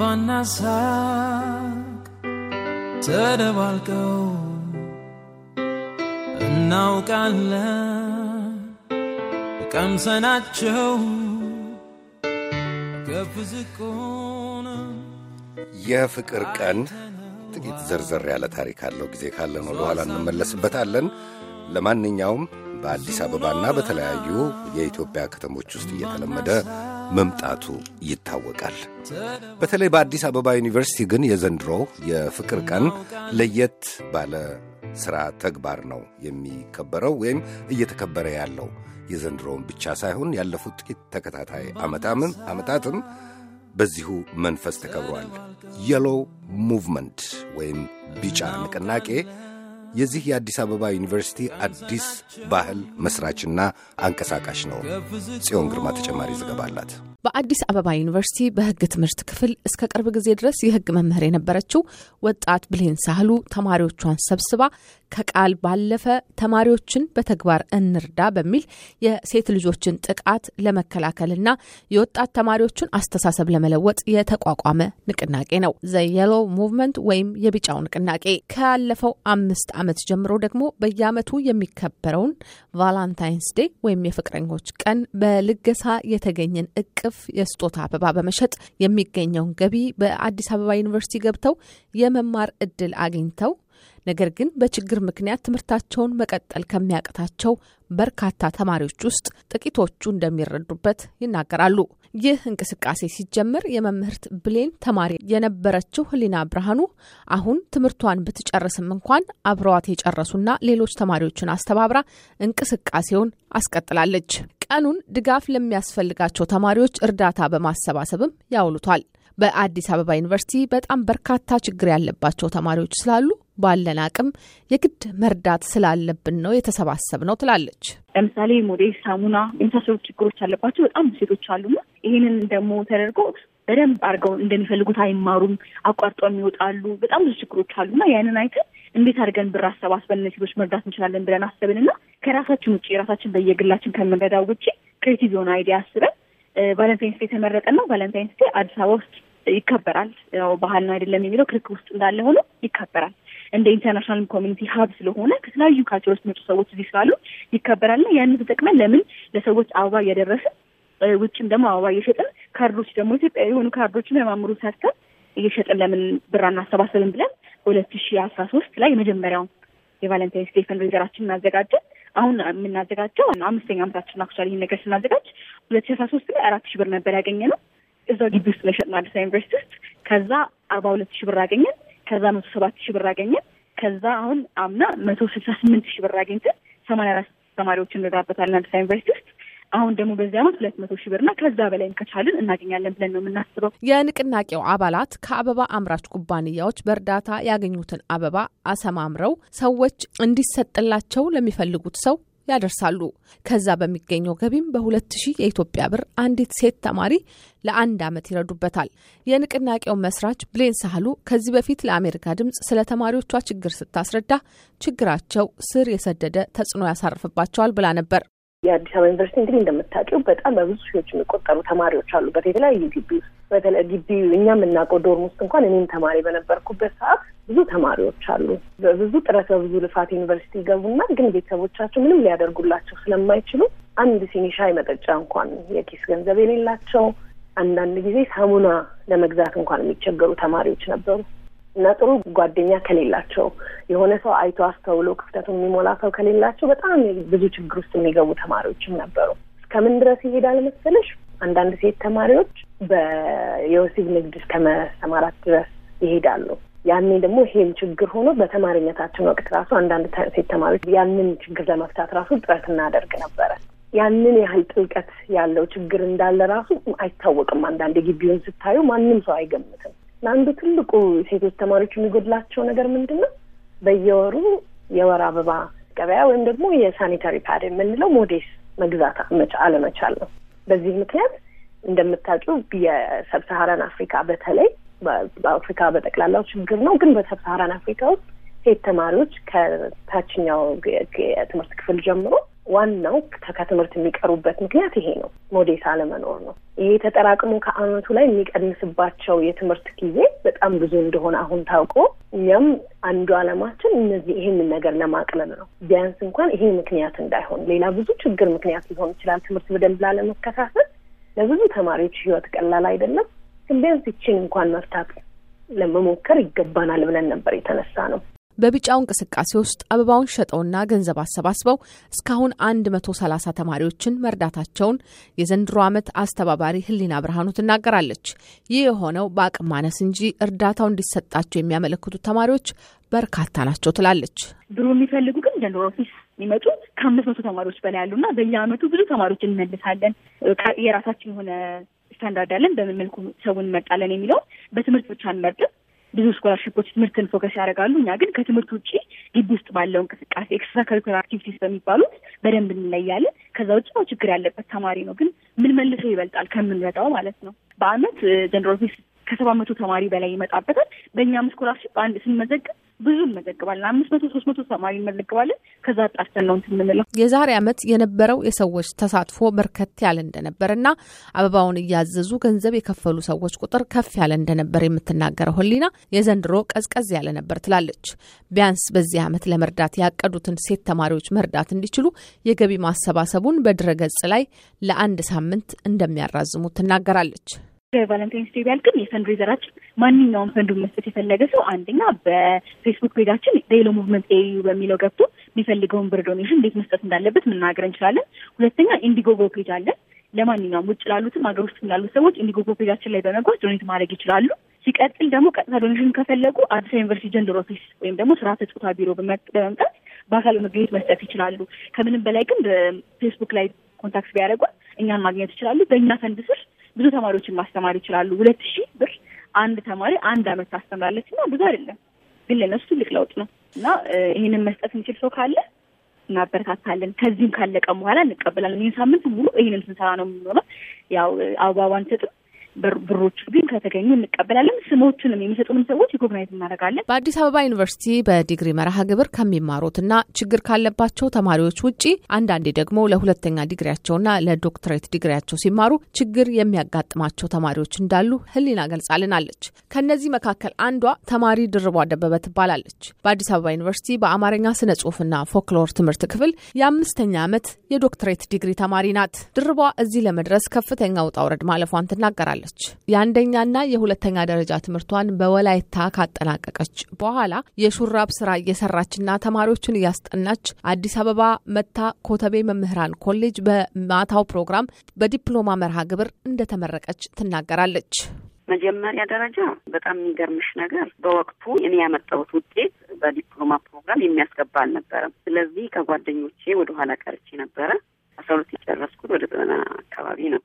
አምባና ተደባልቀው እናውቃለን ቀምሰናቸው ከፍ የፍቅር ቀን ጥቂት ዘርዘር ያለ ታሪክ አለው። ጊዜ ካለ ነው በኋላ እንመለስበታለን። ለማንኛውም በአዲስ አበባና በተለያዩ የኢትዮጵያ ከተሞች ውስጥ እየተለመደ መምጣቱ ይታወቃል። በተለይ በአዲስ አበባ ዩኒቨርሲቲ ግን የዘንድሮ የፍቅር ቀን ለየት ባለ ሥራ ተግባር ነው የሚከበረው ወይም እየተከበረ ያለው። የዘንድሮውን ብቻ ሳይሆን ያለፉት ጥቂት ተከታታይ ዓመታትም በዚሁ መንፈስ ተከብሯል። የሎ ሙቭመንት ወይም ቢጫ ንቅናቄ የዚህ የአዲስ አበባ ዩኒቨርሲቲ አዲስ ባህል መስራችና አንቀሳቃሽ ነው። ጽዮን ግርማ ተጨማሪ ዘገባ አላት። በአዲስ አበባ ዩኒቨርሲቲ በህግ ትምህርት ክፍል እስከ ቅርብ ጊዜ ድረስ የህግ መምህር የነበረችው ወጣት ብሌን ሳህሉ ተማሪዎቿን ሰብስባ ከቃል ባለፈ ተማሪዎችን በተግባር እንርዳ በሚል የሴት ልጆችን ጥቃት ለመከላከልና የወጣት ተማሪዎችን አስተሳሰብ ለመለወጥ የተቋቋመ ንቅናቄ ነው ዘ የሎ ሙቭመንት ወይም የቢጫው ንቅናቄ። ካለፈው አምስት ዓመት ጀምሮ ደግሞ በየዓመቱ የሚከበረውን ቫላንታይንስ ዴይ ወይም የፍቅረኞች ቀን በልገሳ የተገኘን እቅ አቀፍ የስጦታ አበባ በመሸጥ የሚገኘውን ገቢ በአዲስ አበባ ዩኒቨርሲቲ ገብተው የመማር እድል አግኝተው ነገር ግን በችግር ምክንያት ትምህርታቸውን መቀጠል ከሚያቅታቸው በርካታ ተማሪዎች ውስጥ ጥቂቶቹ እንደሚረዱበት ይናገራሉ። ይህ እንቅስቃሴ ሲጀምር የመምህርት ብሌን ተማሪ የነበረችው ህሊና ብርሃኑ አሁን ትምህርቷን ብትጨርስም እንኳን አብረዋት የጨረሱና ሌሎች ተማሪዎችን አስተባብራ እንቅስቃሴውን አስቀጥላለች። ቀኑን ድጋፍ ለሚያስፈልጋቸው ተማሪዎች እርዳታ በማሰባሰብም ያውሉቷል። በአዲስ አበባ ዩኒቨርሲቲ በጣም በርካታ ችግር ያለባቸው ተማሪዎች ስላሉ ባለን አቅም የግድ መርዳት ስላለብን ነው የተሰባሰብ ነው ትላለች። ለምሳሌ ሞዴል፣ ሳሙና የመሳሰሉ ችግሮች ያለባቸው በጣም ሴቶች አሉና ይህንን ደግሞ ተደርጎ በደንብ አድርገው እንደሚፈልጉት አይማሩም፣ አቋርጠው የሚወጣሉ። በጣም ብዙ ችግሮች አሉና ያንን አይተን እንዴት አድርገን ብር አሰባስበን ሴቶች መርዳት እንችላለን ብለን አሰብንና ከራሳችን ውጭ የራሳችን በየግላችን ከምንረዳው ውጭ ክሬቲቭ የሆነ አይዲያ አስበን ቫለንታይንስ ዴ የተመረጠና ቫለንታይንስ አዲስ አበባ ውስጥ ይከበራል። ያው ባህል ነው አይደለም የሚለው ክርክር ውስጥ እንዳለ ሆኖ ይከበራል። እንደ ኢንተርናሽናል ኮሚኒቲ ሀብ ስለሆነ ከተለያዩ ካልቸሮች መጡ ሰዎች እዚህ ስላሉ ይከበራልና ያንን ተጠቅመን ለምን ለሰዎች አበባ እያደረስን ውጭም ደግሞ አበባ እየሸጥን ካርዶች ደግሞ ኢትዮጵያ የሆኑ ካርዶችን የማምሩ ሰርተን እየሸጥን ለምን ብር አናሰባሰብን ብለን ሁለት ሺ አስራ ሶስት ላይ የመጀመሪያውን የቫለንታይን ስቴፈን ሬዘራችን እናዘጋጀን። አሁን የምናዘጋጀው አምስተኛ ዓመታችን አክቹዋሊ ይህን ነገር ስናዘጋጅ ሁለት ሺ አስራ ሶስት ላይ አራት ሺ ብር ነበር ያገኘ ነው እዛው ግቢ ውስጥ ነው አዲስ ዩኒቨርሲቲ ውስጥ። ከዛ አርባ ሁለት ሺ ብር አገኘን። ከዛ መቶ ሰባት ሺህ ብር አገኘን። ከዛ አሁን አምና መቶ ስልሳ ስምንት ሺህ ብር አገኝተን ሰማንያ አራት ተማሪዎች እንረዳበታለን አዲስ አበባ ዩኒቨርሲቲ ውስጥ። አሁን ደግሞ በዚህ ዓመት ሁለት መቶ ሺህ ብርና ከዛ በላይም ከቻልን እናገኛለን ብለን ነው የምናስበው። የንቅናቄው አባላት ከአበባ አምራች ኩባንያዎች በእርዳታ ያገኙትን አበባ አሰማምረው ሰዎች እንዲሰጥላቸው ለሚፈልጉት ሰው ያደርሳሉ። ከዛ በሚገኘው ገቢም በ ሺህ የኢትዮጵያ ብር አንዲት ሴት ተማሪ ለአንድ ዓመት ይረዱበታል። የንቅናቄው መስራች ብሌን ሳህሉ ከዚህ በፊት ለአሜሪካ ድምፅ ስለ ተማሪዎቿ ችግር ስታስረዳ ችግራቸው ስር የሰደደ ተጽዕኖ ያሳርፍባቸዋል ብላ ነበር። የአዲስ አበባ ዩኒቨርሲቲ እንግዲህ እንደምታውቂው በጣም በብዙ ሺዎች የሚቆጠሩ ተማሪዎች አሉበት የተለያዩ ግቢ ውስጥ በተለይ ግቢ እኛ የምናውቀው ዶርም ውስጥ እንኳን እኔም ተማሪ በነበርኩበት ሰዓት ብዙ ተማሪዎች አሉ። በብዙ ጥረት በብዙ ልፋት ዩኒቨርሲቲ ይገቡና ግን ቤተሰቦቻቸው ምንም ሊያደርጉላቸው ስለማይችሉ አንድ ሲኒ ሻይ መጠጫ እንኳን የኪስ ገንዘብ የሌላቸው አንዳንድ ጊዜ ሳሙና ለመግዛት እንኳን የሚቸገሩ ተማሪዎች ነበሩ። እና ጥሩ ጓደኛ ከሌላቸው የሆነ ሰው አይቶ አስተውሎ ክፍተቱን የሚሞላ ሰው ከሌላቸው በጣም ብዙ ችግር ውስጥ የሚገቡ ተማሪዎችም ነበሩ። እስከምን ድረስ ይሄዳል መሰለሽ? አንዳንድ ሴት ተማሪዎች በየወሲብ ንግድ እስከመሰማራት ድረስ ይሄዳሉ። ያኔ ደግሞ ይሄም ችግር ሆኖ በተማሪነታችን ወቅት ራሱ አንዳንድ ሴት ተማሪዎች ያንን ችግር ለመፍታት ራሱ ጥረት እናደርግ ነበረ። ያንን ያህል ጥልቀት ያለው ችግር እንዳለ ራሱ አይታወቅም። አንዳንድ ግቢውን ስታዩ ማንም ሰው አይገምትም። ለአንዱ ትልቁ ሴቶች ተማሪዎች የሚጎድላቸው ነገር ምንድን ነው? በየወሩ የወር አበባ ቀበያ ወይም ደግሞ የሳኒታሪ ፓድ የምንለው ሞዴስ መግዛት አለመቻል ነው። በዚህ ምክንያት እንደምታውቂው የሰብሳሃራን አፍሪካ በተለይ በአፍሪካ በጠቅላላው ችግር ነው። ግን በሰብሳሃራን አፍሪካ ውስጥ ሴት ተማሪዎች ከታችኛው የትምህርት ክፍል ጀምሮ ዋናው ከትምህርት የሚቀሩበት ምክንያት ይሄ ነው። ሞዴታ አለመኖር ነው። ይሄ ተጠራቅሞ ከአመቱ ላይ የሚቀንስባቸው የትምህርት ጊዜ በጣም ብዙ እንደሆነ አሁን ታውቆ እኛም አንዱ አለማችን እነዚህ ይህን ነገር ለማቅለል ነው። ቢያንስ እንኳን ይሄ ምክንያት እንዳይሆን ሌላ ብዙ ችግር ምክንያት ሊሆን ይችላል። ትምህርት በደንብ ላለመከታተል ለብዙ ተማሪዎች ህይወት ቀላል አይደለም። ግን ቢያንስ ይችን እንኳን መፍታት ለመሞከር ይገባናል ብለን ነበር የተነሳ ነው። በቢጫው እንቅስቃሴ ውስጥ አበባውን ሸጠውና ገንዘብ አሰባስበው እስካሁን 130 ተማሪዎችን መርዳታቸውን የዘንድሮ ዓመት አስተባባሪ ህሊና ብርሃኑ ትናገራለች። ይህ የሆነው በአቅም ማነስ እንጂ እርዳታው እንዲሰጣቸው የሚያመለክቱ ተማሪዎች በርካታ ናቸው ትላለች። ድሮ የሚፈልጉ ግን ዘንድሮ ኦፊስ የሚመጡ ከአምስት መቶ ተማሪዎች በላይ ያሉና በየአመቱ ብዙ ተማሪዎች እንመልሳለን። የራሳችን የሆነ ስታንዳርድ አለን። በምን መልኩ እንመጣለን እንመርጣለን የሚለው በትምህርት ብቻ አንመርጥም። ብዙ ስኮላርሽፖች ትምህርትን ፎከስ ያደርጋሉ። እኛ ግን ከትምህርት ውጭ ግቢ ውስጥ ባለው እንቅስቃሴ ኤክስትራ ከሪኩላር አክቲቪቲስ በሚባሉት በደንብ እንለያለን። ከዛ ውጭ ችግር ያለበት ተማሪ ነው ግን ምን መልሶ ይበልጣል ከምንረጣው ማለት ነው። በአመት ዘንድሮ ፊስ ከሰባት መቶ ተማሪ በላይ ይመጣበታል። በእኛም ስኮላርሽፕ በአንድ ስንመዘግብ ብዙ እንመዘግባለን። አምስት መቶ ሶስት መቶ ተማሪ እንመዘግባለን። ከዛ አጣርተን ነው እንትን የምንለው። የዛሬ ዓመት የነበረው የሰዎች ተሳትፎ በርከት ያለ እንደነበርና አበባውን እያዘዙ ገንዘብ የከፈሉ ሰዎች ቁጥር ከፍ ያለ እንደነበር የምትናገረው ሆሊና የዘንድሮ ቀዝቀዝ ያለ ነበር ትላለች። ቢያንስ በዚህ ዓመት ለመርዳት ያቀዱትን ሴት ተማሪዎች መርዳት እንዲችሉ የገቢ ማሰባሰቡን በድረገጽ ላይ ለአንድ ሳምንት እንደሚያራዝሙ ትናገራለች። የቫለንታይንስ ዴይ ቢያልቅም የፈንድሬዘራችን ማንኛውም ፈንዱ መስጠት የፈለገ ሰው አንደኛ በፌስቡክ ፔጃችን ሌሎ ሙቭመንት ኤዩ በሚለው ገብቶ የሚፈልገውን ብር ዶኔሽን እንዴት መስጠት እንዳለበት መናገር እንችላለን። ሁለተኛ ኢንዲጎጎ ፔጅ አለ። ለማንኛውም ውጭ ላሉትም ሀገር ውስጥ ላሉት ሰዎች ኢንዲጎጎ ፔጃችን ላይ በመጓዝ ዶኔት ማድረግ ይችላሉ። ሲቀጥል ደግሞ ቀጥታ ዶኔሽን ከፈለጉ አዲስ ዩኒቨርሲቲ ጀንደር ኦፊስ ወይም ደግሞ ስራ ፆታ ቢሮ በመምጣት በአካል መገኘት መስጠት ይችላሉ። ከምንም በላይ ግን በፌስቡክ ላይ ኮንታክት ቢያደርጓል እኛን ማግኘት ይችላሉ። በእኛ ፈንድ ስር ብዙ ተማሪዎችን ማስተማር ይችላሉ። ሁለት ሺህ ብር አንድ ተማሪ አንድ አመት ታስተምራለች እና ብዙ አይደለም፣ ግን ለነሱ ትልቅ ለውጥ ነው እና ይህንን መስጠት የሚችል ሰው ካለ እናበረታታለን። ከዚህም ካለቀም በኋላ እንቀበላለን። ይህን ሳምንት ሙሉ ይህንን ስንሰራ ነው የምንሆነው። ያው አበባ አንሰጥም ብሮቹ ግን ከተገኙ እንቀበላለን። ስሞችንም የሚሰጡንም ሰዎች ሪኮግናይዝ እናደርጋለን። በአዲስ አበባ ዩኒቨርሲቲ በዲግሪ መርሃ ግብር ከሚማሩትና ችግር ካለባቸው ተማሪዎች ውጪ አንዳንዴ ደግሞ ለሁለተኛ ዲግሪያቸውና ለዶክትሬት ዲግሪያቸው ሲማሩ ችግር የሚያጋጥማቸው ተማሪዎች እንዳሉ ህሊና ገልጻልናለች። ከእነዚህ መካከል አንዷ ተማሪ ድርቧ ደበበ ትባላለች። በአዲስ አበባ ዩኒቨርሲቲ በአማርኛ ስነ ጽሁፍና ፎክሎር ትምህርት ክፍል የአምስተኛ ዓመት የዶክትሬት ዲግሪ ተማሪ ናት። ድርቧ እዚህ ለመድረስ ከፍተኛ ውጣ ውረድ ማለፏን ትናገራለች። ትማራለች። የአንደኛና የሁለተኛ ደረጃ ትምህርቷን በወላይታ ካጠናቀቀች በኋላ የሹራብ ስራ እየሰራችና ተማሪዎችን እያስጠናች አዲስ አበባ መታ ኮተቤ መምህራን ኮሌጅ በማታው ፕሮግራም በዲፕሎማ መርሃ ግብር እንደተመረቀች ትናገራለች። መጀመሪያ ደረጃ በጣም የሚገርምሽ ነገር በወቅቱ እኔ ያመጣሁት ውጤት በዲፕሎማ ፕሮግራም የሚያስገባ አልነበረም። ስለዚህ ከጓደኞቼ ወደኋላ ቀርቼ ነበረ። አስራ ሁለት የጨረስኩት ወደ ዘጠና አካባቢ ነው።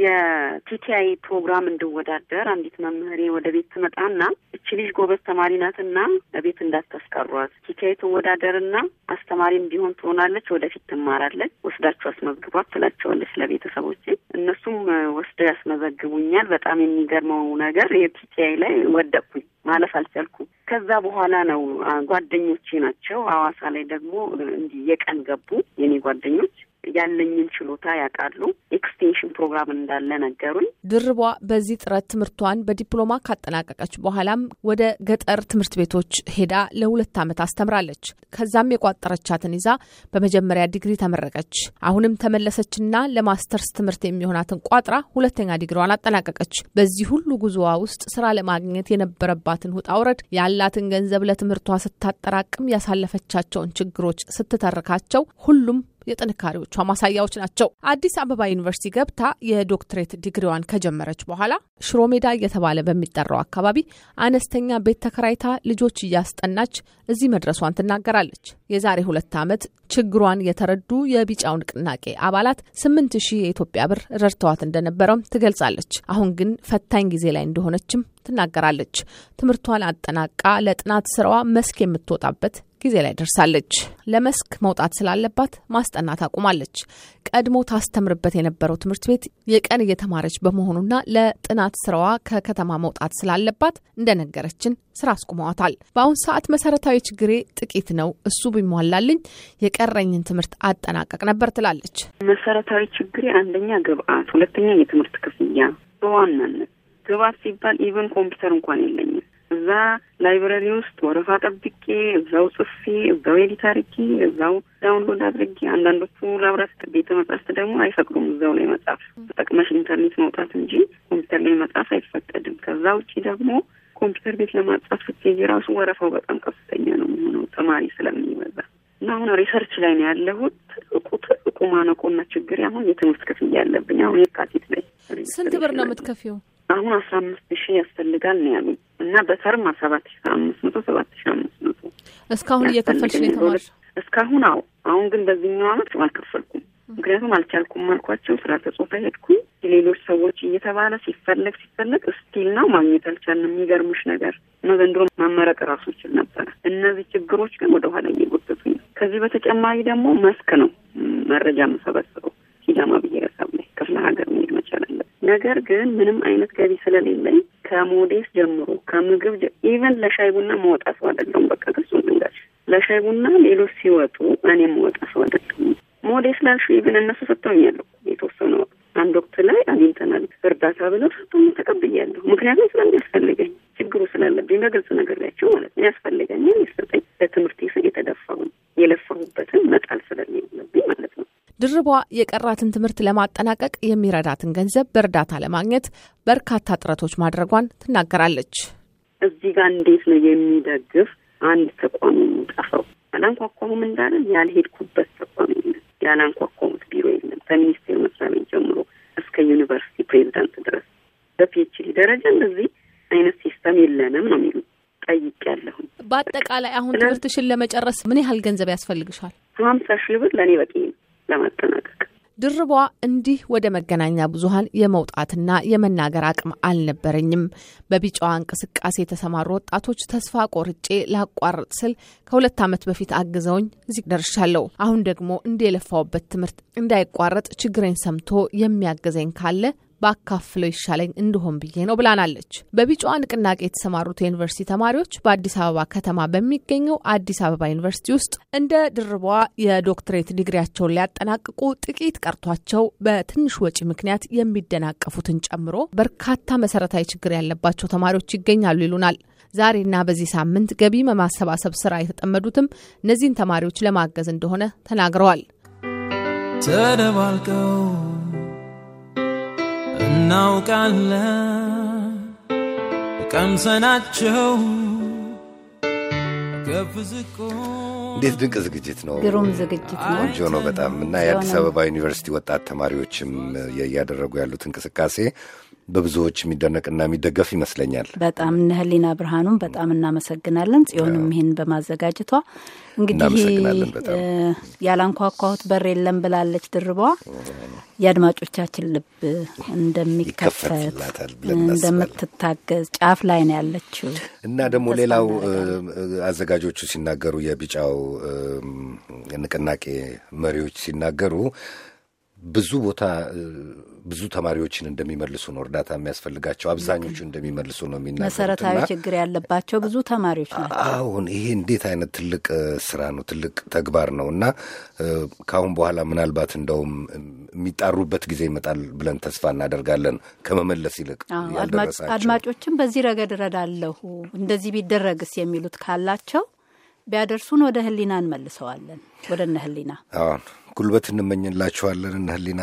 የቲቲአይ ፕሮግራም እንድወዳደር አንዲት መምህሬ ወደ ቤት ትመጣና እች ልጅ ጎበዝ ተማሪ ናትና ቤት እንዳታስቀሯት፣ ቲቲአይ ትወዳደርና አስተማሪም ቢሆን ትሆናለች፣ ወደፊት ትማራለች፣ ወስዳችሁ አስመዝግቧት ትላቸዋለች ለቤተሰቦቼ። እነሱም ወስደው ያስመዘግቡኛል። በጣም የሚገርመው ነገር የቲቲአይ ላይ ወደቅኩኝ፣ ማለፍ አልቻልኩም። ከዛ በኋላ ነው ጓደኞቼ ናቸው አዋሳ ላይ ደግሞ እንዲህ የቀን ገቡ የኔ ጓደኞች ያለኝን ችሎታ ያውቃሉ። ኤክስቴንሽን ፕሮግራም እንዳለ ነገሩኝ። ድርቧ በዚህ ጥረት ትምህርቷን በዲፕሎማ ካጠናቀቀች በኋላም ወደ ገጠር ትምህርት ቤቶች ሄዳ ለሁለት ዓመት አስተምራለች። ከዛም የቋጠረቻትን ይዛ በመጀመሪያ ዲግሪ ተመረቀች። አሁንም ተመለሰችና ለማስተርስ ትምህርት የሚሆናትን ቋጥራ ሁለተኛ ዲግሪዋን አጠናቀቀች። በዚህ ሁሉ ጉዞዋ ውስጥ ስራ ለማግኘት የነበረባትን ውጣ ውረድ፣ ያላትን ገንዘብ ለትምህርቷ ስታጠራቅም ያሳለፈቻቸውን ችግሮች ስትተርካቸው ሁሉም የጥንካሬዎቿ ማሳያዎች ናቸው። አዲስ አበባ ዩኒቨርሲቲ ገብታ የዶክትሬት ዲግሪዋን ከጀመረች በኋላ ሽሮ ሜዳ እየተባለ በሚጠራው አካባቢ አነስተኛ ቤት ተከራይታ ልጆች እያስጠናች እዚህ መድረሷን ትናገራለች። የዛሬ ሁለት ዓመት ችግሯን የተረዱ የቢጫው ንቅናቄ አባላት ስምንት ሺህ የኢትዮጵያ ብር ረድተዋት እንደነበረም ትገልጻለች። አሁን ግን ፈታኝ ጊዜ ላይ እንደሆነችም ትናገራለች። ትምህርቷን አጠናቃ ለጥናት ስራዋ መስክ የምትወጣበት ጊዜ ላይ ደርሳለች። ለመስክ መውጣት ስላለባት ማስጠናት አቁማለች። ቀድሞ ታስተምርበት የነበረው ትምህርት ቤት የቀን እየተማረች በመሆኑና ለጥናት ስራዋ ከከተማ መውጣት ስላለባት እንደነገረችን ስራ አስቁመዋታል። በአሁን ሰዓት መሰረታዊ ችግሬ ጥቂት ነው፣ እሱ ቢሟላልኝ የቀረኝን ትምህርት አጠናቀቅ ነበር ትላለች። መሰረታዊ ችግሬ አንደኛ ግብአት፣ ሁለተኛ የትምህርት ክፍያ በዋናነት ግብአት ሲባል ኢቨን ኮምፒውተር እንኳን የለኝም እዛ ላይብረሪ ውስጥ ወረፋ ጠብቄ እዛው ጽፌ እዛው ኤዲት አድርጌ እዛው ዳውንሎድ አድርጌ አንዳንዶቹ ላብራት ቤተ መጻሕፍት ደግሞ አይፈቅዱም። እዛው ላይ መጻፍ ተጠቅመሽ ኢንተርኔት መውጣት እንጂ ኮምፒውተር ላይ መጻፍ አይፈቀድም። ከዛ ውጪ ደግሞ ኮምፒውተር ቤት ለማጻፍ ስትሄጂ ራሱ ወረፋው በጣም ከፍተኛ ነው የሚሆነው ተማሪ ስለሚበዛ እና አሁን ሪሰርች ላይ ነው ያለሁት። ትልቁ ትልቁ ማነቆና ችግር አሁን የትምህርት ክፍያ ያለብኝ አሁን የካቲት ላይ ስንት ብር ነው የምትከፊው? አሁን አስራ አምስት ሺህ ያስፈልጋል ነው ያሉኝ። እና በተርማ ሰባት ሺ አምስት መቶ ሰባት ሺ አምስት መቶ እስካሁን እየከፈልሽ ነው የተማርሽ? እስካሁን አዎ። አሁን ግን በዚህኛው አመት አልከፈልኩም። ምክንያቱም አልቻልኩም አልኳቸው። ስራ ተጽፎ ሄድኩኝ። ሌሎች ሰዎች እየተባለ ሲፈለግ ሲፈለግ ስቲል ነው ማግኘት አልቻልንም። የሚገርምሽ ነገር እና ዘንድሮ መመረቅ ራሱ ይችል ነበረ። እነዚህ ችግሮች ግን ወደ ኋላ ነው። ከዚህ በተጨማሪ ደግሞ መስክ ነው መረጃ መሰበሰበው ሲዳማ ብሔረሰብ ላይ ክፍለ ሀገር መሄድ መቻል አለብን። ነገር ግን ምንም አይነት ገቢ ስለሌለኝ ከሞዴስ ጀምሮ ከምግብ ኢቨን ለሻይ ቡና መወጣ ሰው አይደለሁም። በቃ ከሱ ንጋር ለሻይ ቡና ሌሎች ሲወጡ እኔ መወጣ ሰው አይደለሁም። ሞዴስ ላልሹ ኢቨን እነሱ ሰጥተውኛለሁ የተወሰነ ወቅት አንድ ወቅት ላይ አግኝተናል እርዳታ ብለው ሰጥቶኝ ተቀብያለሁ። ምክንያቱም ስለሚያስፈልገኝ ችግሩ ስላለብኝ በግልጽ ነገር ላቸው ማለት ነው ያስፈልገኝ ይሰጠኝ ለትምህርት የተደፋ ድርቧ የቀራትን ትምህርት ለማጠናቀቅ የሚረዳትን ገንዘብ በእርዳታ ለማግኘት በርካታ ጥረቶች ማድረጓን ትናገራለች። እዚህ ጋር እንዴት ነው የሚደግፍ አንድ ተቋም የሚጠፋው? ያላንኳኳሁም እንዳለን ያልሄድኩበት ተቋም የለም፣ ቢሮ የለም። ከሚኒስቴር መስሪያ ቤት ጀምሮ እስከ ዩኒቨርሲቲ ፕሬዚዳንት ድረስ በፒኤችዲ ደረጃ እንደዚህ አይነት ሲስተም የለንም ነው የሚሉ ጠይቄያለሁ። በአጠቃላይ አሁን ትምህርትሽን ለመጨረስ ምን ያህል ገንዘብ ያስፈልግሻል? ሀምሳ ሺህ ብር ለእኔ በቂ ነው። ለማጠናቀቅ ድርቧ እንዲህ ወደ መገናኛ ብዙኃን የመውጣትና የመናገር አቅም አልነበረኝም። በቢጫዋ እንቅስቃሴ የተሰማሩ ወጣቶች ተስፋ ቆርጬ ላቋርጥ ስል ከሁለት ዓመት በፊት አግዘውኝ እዚህ ደርሻለሁ። አሁን ደግሞ እንደ የለፋውበት ትምህርት እንዳይቋረጥ ችግሬን ሰምቶ የሚያግዘኝ ካለ ባካፍለው ይሻለኝ እንደሆን ብዬ ነው ብላናለች። በቢጫዋ ንቅናቄ የተሰማሩት የዩኒቨርሲቲ ተማሪዎች በአዲስ አበባ ከተማ በሚገኘው አዲስ አበባ ዩኒቨርሲቲ ውስጥ እንደ ድርቧ የዶክትሬት ዲግሪያቸውን ሊያጠናቅቁ ጥቂት ቀርቷቸው በትንሽ ወጪ ምክንያት የሚደናቀፉትን ጨምሮ በርካታ መሰረታዊ ችግር ያለባቸው ተማሪዎች ይገኛሉ ይሉናል። ዛሬና በዚህ ሳምንት ገቢ በማሰባሰብ ስራ የተጠመዱትም እነዚህን ተማሪዎች ለማገዝ እንደሆነ ተናግረዋል። ተደባልቀው እናውቃለን ቀምሰናቸው እንዴት ድንቅ ዝግጅት ነው! ግሩም ዝግጅት ነው። ቆንጆ ነው በጣም እና የአዲስ አበባ ዩኒቨርሲቲ ወጣት ተማሪዎችም እያደረጉ ያሉት እንቅስቃሴ በብዙዎች የሚደነቅና የሚደገፍ ይመስለኛል። በጣም እነ ህሊና ብርሃኑም በጣም እናመሰግናለን። ጽዮንም ይህን በማዘጋጀቷ እንግዲህ ያላንኳኳሁት በር የለም ብላለች ድርቧ። የአድማጮቻችን ልብ እንደሚከፈት እንደምትታገዝ ጫፍ ላይ ነው ያለችው እና ደግሞ ሌላው አዘጋጆቹ ሲናገሩ የቢጫው ንቅናቄ መሪዎች ሲናገሩ ብዙ ቦታ ብዙ ተማሪዎችን እንደሚመልሱ ነው፣ እርዳታ የሚያስፈልጋቸው አብዛኞቹ እንደሚመልሱ ነው የሚናገሩት። መሰረታዊ ችግር ያለባቸው ብዙ ተማሪዎች ናቸው። አሁን ይሄ እንዴት አይነት ትልቅ ስራ ነው፣ ትልቅ ተግባር ነው እና ከአሁን በኋላ ምናልባት እንደውም የሚጣሩበት ጊዜ ይመጣል ብለን ተስፋ እናደርጋለን። ከመመለስ ይልቅ አድማጮችን በዚህ ረገድ እረዳለሁ፣ እንደዚህ ቢደረግስ የሚሉት ካላቸው ቢያደርሱን ወደ ህሊና እንመልሰዋለን። ወደ እነ ህሊና ጉልበት እንመኝላችኋለን። እነ ህሊና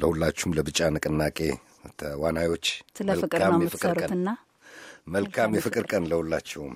ለሁላችሁም ለብጫ ንቅናቄ ተዋናዮች ስለ ፍቅር ነው የምትሰሩትና መልካም የፍቅር ቀን ለሁላችሁም።